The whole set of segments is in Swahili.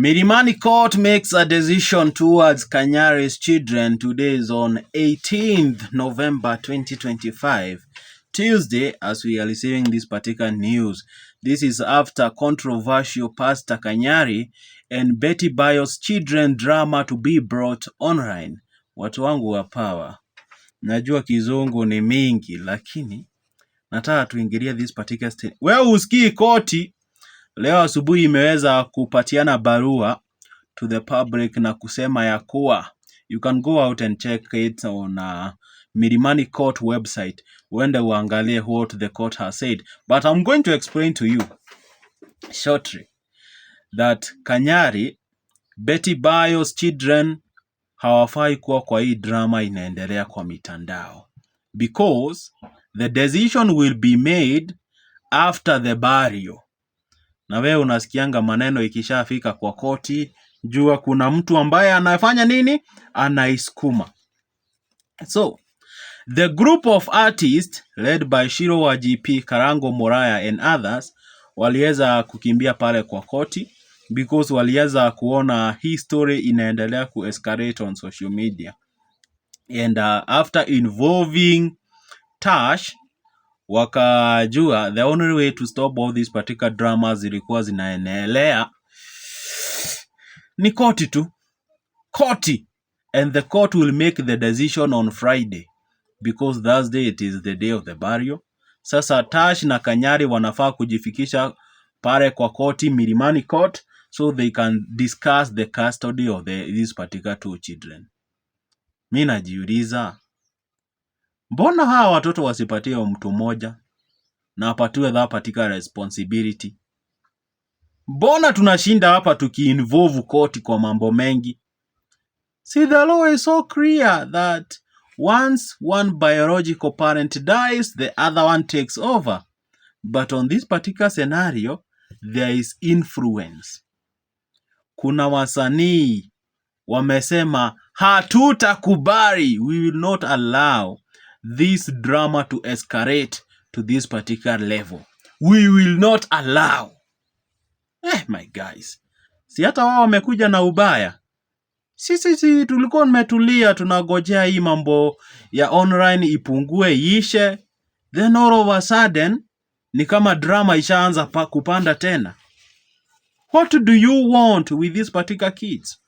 Milimani Court makes a decision towards Kanyari's children today on 18th November 2025, Tuesday, as we are receiving this particular news. This is after controversial Pastor Kanyari and Betty Bayo's children drama to be brought online. Watu wangu wa power, najua kizungu ni mingi, lakini nataka tuingilia this particular. Wewe usikii koti Leo asubuhi imeweza kupatiana barua to the public na kusema ya kuwa you can go out and check it on uh, Milimani Court website. Uende uangalie what the court has said. But I'm going to explain to you shortly that Kanyari, Betty Bayo's children hawafai kuwa kwa hii drama inaendelea kwa mitandao because the decision will be made after the burial na wewe unasikianga maneno ikishafika kwa koti, jua kuna mtu ambaye anafanya nini, anaisukuma. So the group of artists led by Shiro wa GP Karango Moraya and others waliweza kukimbia pale kwa koti because waliweza kuona hii story inaendelea escalate on social media and uh, after involving Tash wakajua the only way to stop all these particular dramas zilikuwa zinaenelea ni koti tu, koti and the court will make the decision on Friday because Thursday it is the day of the burial. Sasa Tash na Kanyari wanafaa kujifikisha pale kwa koti Milimani Court so they can discuss the custody of the, these particular two children. Mimi najiuliza Mbona hawa watoto wasipatie mtu mmoja na wapatiwe dha particular responsibility? Mbona tunashinda hapa tukiinvolve koti kwa mambo mengi? See, the law is so clear that once one biological parent dies, the other one takes over. But on this particular scenario, there is influence. Kuna wasanii wamesema hatutakubali, we will not allow this drama to escalate to this particular level. We will not allow. Eh, my guys, si hata wao wamekuja na ubaya. Sisi si, tulikuwa tumetulia tunagojea hii mambo ya online ipungue iishe, then all of a sudden ni kama drama ishaanza kupanda tena. What do you want with these particular kids?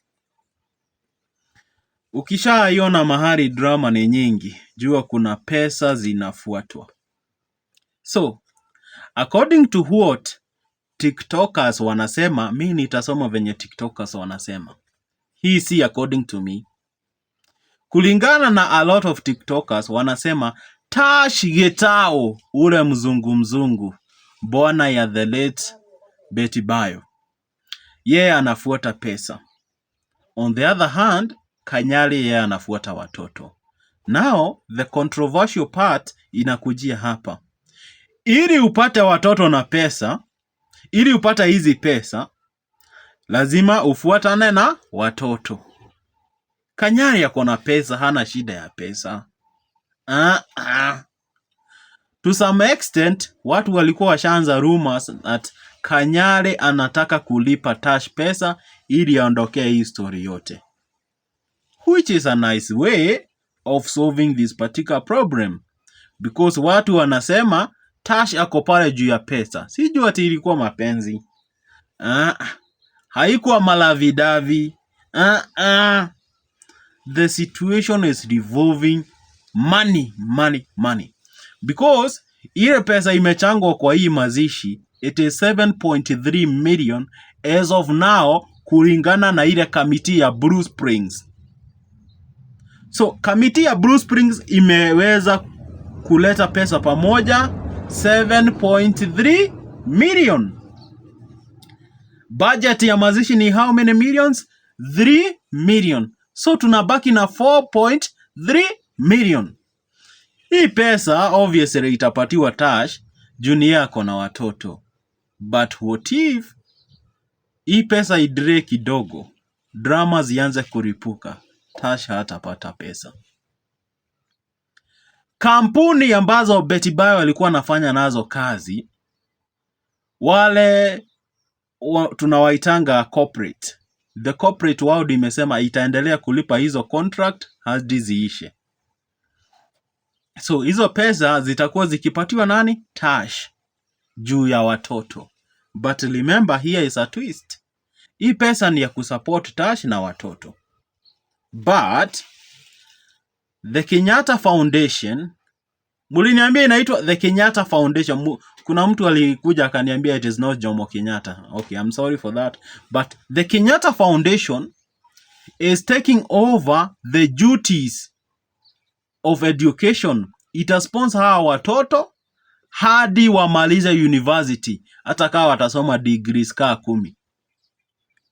Ukishaiona mahali drama ni nyingi, jua kuna pesa zinafuatwa. So, according to what TikTokers wanasema, mi nitasoma venye TikTokers wanasema. Hii si according to me. Kulingana na a lot of TikTokers wanasema Tash Getao ule mzungu mzungu bwana ya the late Betty Bayo. Yeye yeah, anafuata pesa. On the other hand, Kanyari yeye anafuata watoto. Now the controversial part inakujia hapa. Ili upate watoto na pesa, ili upate hizi pesa lazima ufuatane na watoto. Kanyari ako na pesa, hana shida ya pesa. Ah, ah. To some extent watu walikuwa washaanza rumors that Kanyari anataka kulipa Tash pesa ili aondokee hii story yote which is a nice way of solving this particular problem because watu wanasema Tash ako pale juu ya pesa. Sijui ati ilikuwa mapenzi ah, haikuwa malavidavi ah, ah. The situation is revolving money, money, money because ile pesa imechangwa kwa hii mazishi it is 7.3 million as of now, kulingana na ile kamiti ya Blue Springs. So kamiti ya Blue Springs imeweza kuleta pesa pamoja 7.3 million. Budget ya mazishi ni how many millions? 3 million. So tunabaki na 4.3 million. Hii pesa obviously itapatiwa Tash juni yako na watoto, but what if hii pesa idre kidogo, drama zianze kuripuka. Tasha hatapata pesa. Kampuni ambazo Betty Bayo alikuwa anafanya nazo kazi, wale wa, tunawaitanga corporate. The corporate world imesema itaendelea kulipa hizo contract hadi ziishe. So hizo pesa zitakuwa zikipatiwa nani? Tash juu ya watoto. But remember here is a twist. Hii pesa ni ya kusupport Tash na watoto but the Kenyatta Foundation Muliniambia inaitwa The Kenyatta Foundation. Kuna mtu alikuja akaniambia it is not Jomo Kenyatta. Okay, I'm sorry for that. But The Kenyatta Foundation is taking over the duties of education. Itasponsor hawa watoto hadi wamalize university, hata kama watasoma degrees kaa kumi.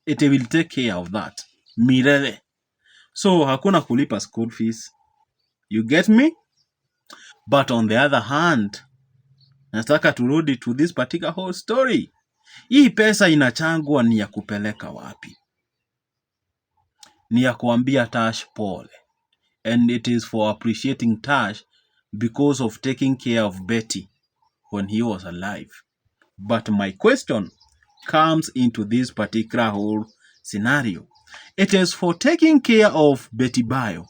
It will take care of that Mirele So hakuna kulipa school fees. You get me? But on the other hand, nataka turudi to this particular whole story. Hii pesa inachangwa ni ya kupeleka wapi? Ni ya kuambia Tash pole. And it is for appreciating Tash because of taking care of Betty when he was alive. But my question comes into this particular whole scenario. It is for taking care of Betty Bayo,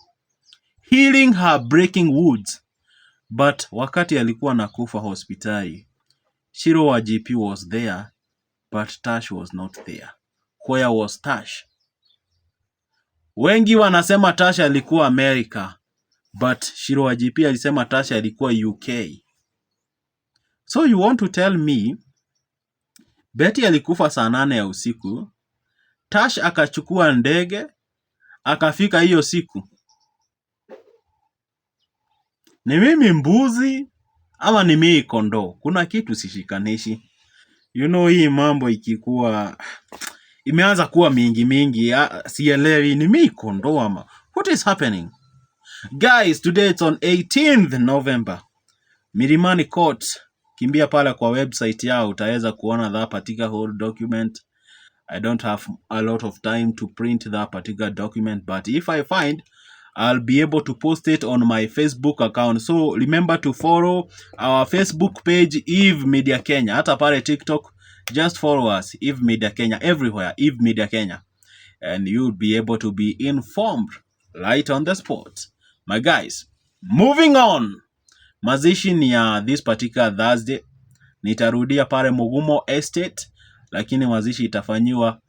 healing her breaking woods. But wakati alikuwa nakufa hospitali, Shiro wa GP was there, but Tash was not there. Where was Tash? Wengi wanasema Tash alikuwa America, but Shiro wa GP alisema Tash alikuwa UK. So you want to tell me Betty alikufa saa nane ya usiku Tash akachukua ndege akafika hiyo siku. Ni mimi mbuzi ama ni mimi kondoo? Kuna kitu sishikanishi. You know, hii mambo ikikuwa imeanza kuwa mingi mingi, sielewi ni mimi kondoo ama what is happening guys. Today it's on 18th November. Milimani Court, kimbia pale kwa website yao utaweza kuona that particular whole document I don't have a lot of time to print that particular document, but if I find, I'll be able to post it on my Facebook account. So remember to follow our Facebook page, Eve Media Kenya. Hata pale TikTok, just follow us, Eve Media Kenya, everywhere, Eve Media Kenya. And you'll be able to be informed right on the spot. My guys, moving on. Mazishi ni ya this particular Thursday. Nitarudia pale Mugumo Estate lakini mazishi itafanyiwa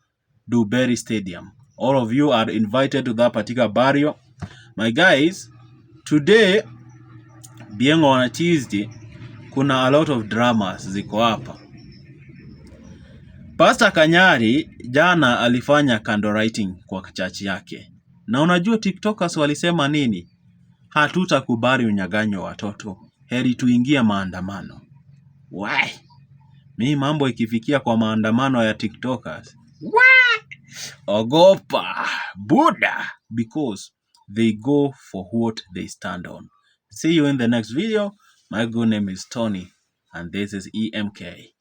Dewberry Stadium. All of you are invited to that particular burial. My guys, today being on a Tuesday kuna a lot of dramas ziko hapa. Pastor Kanyari jana alifanya candle writing kwa chachi yake, na unajua TikTokers walisema nini? Hatutakubali unyaganywa watoto, heri tuingie maandamano. Why? mi mambo ikifikia kwa maandamano ya tiktokers. Ogopa. buda Because they go for what they stand on. See you in the next video. My good name is Tony and this is EMK.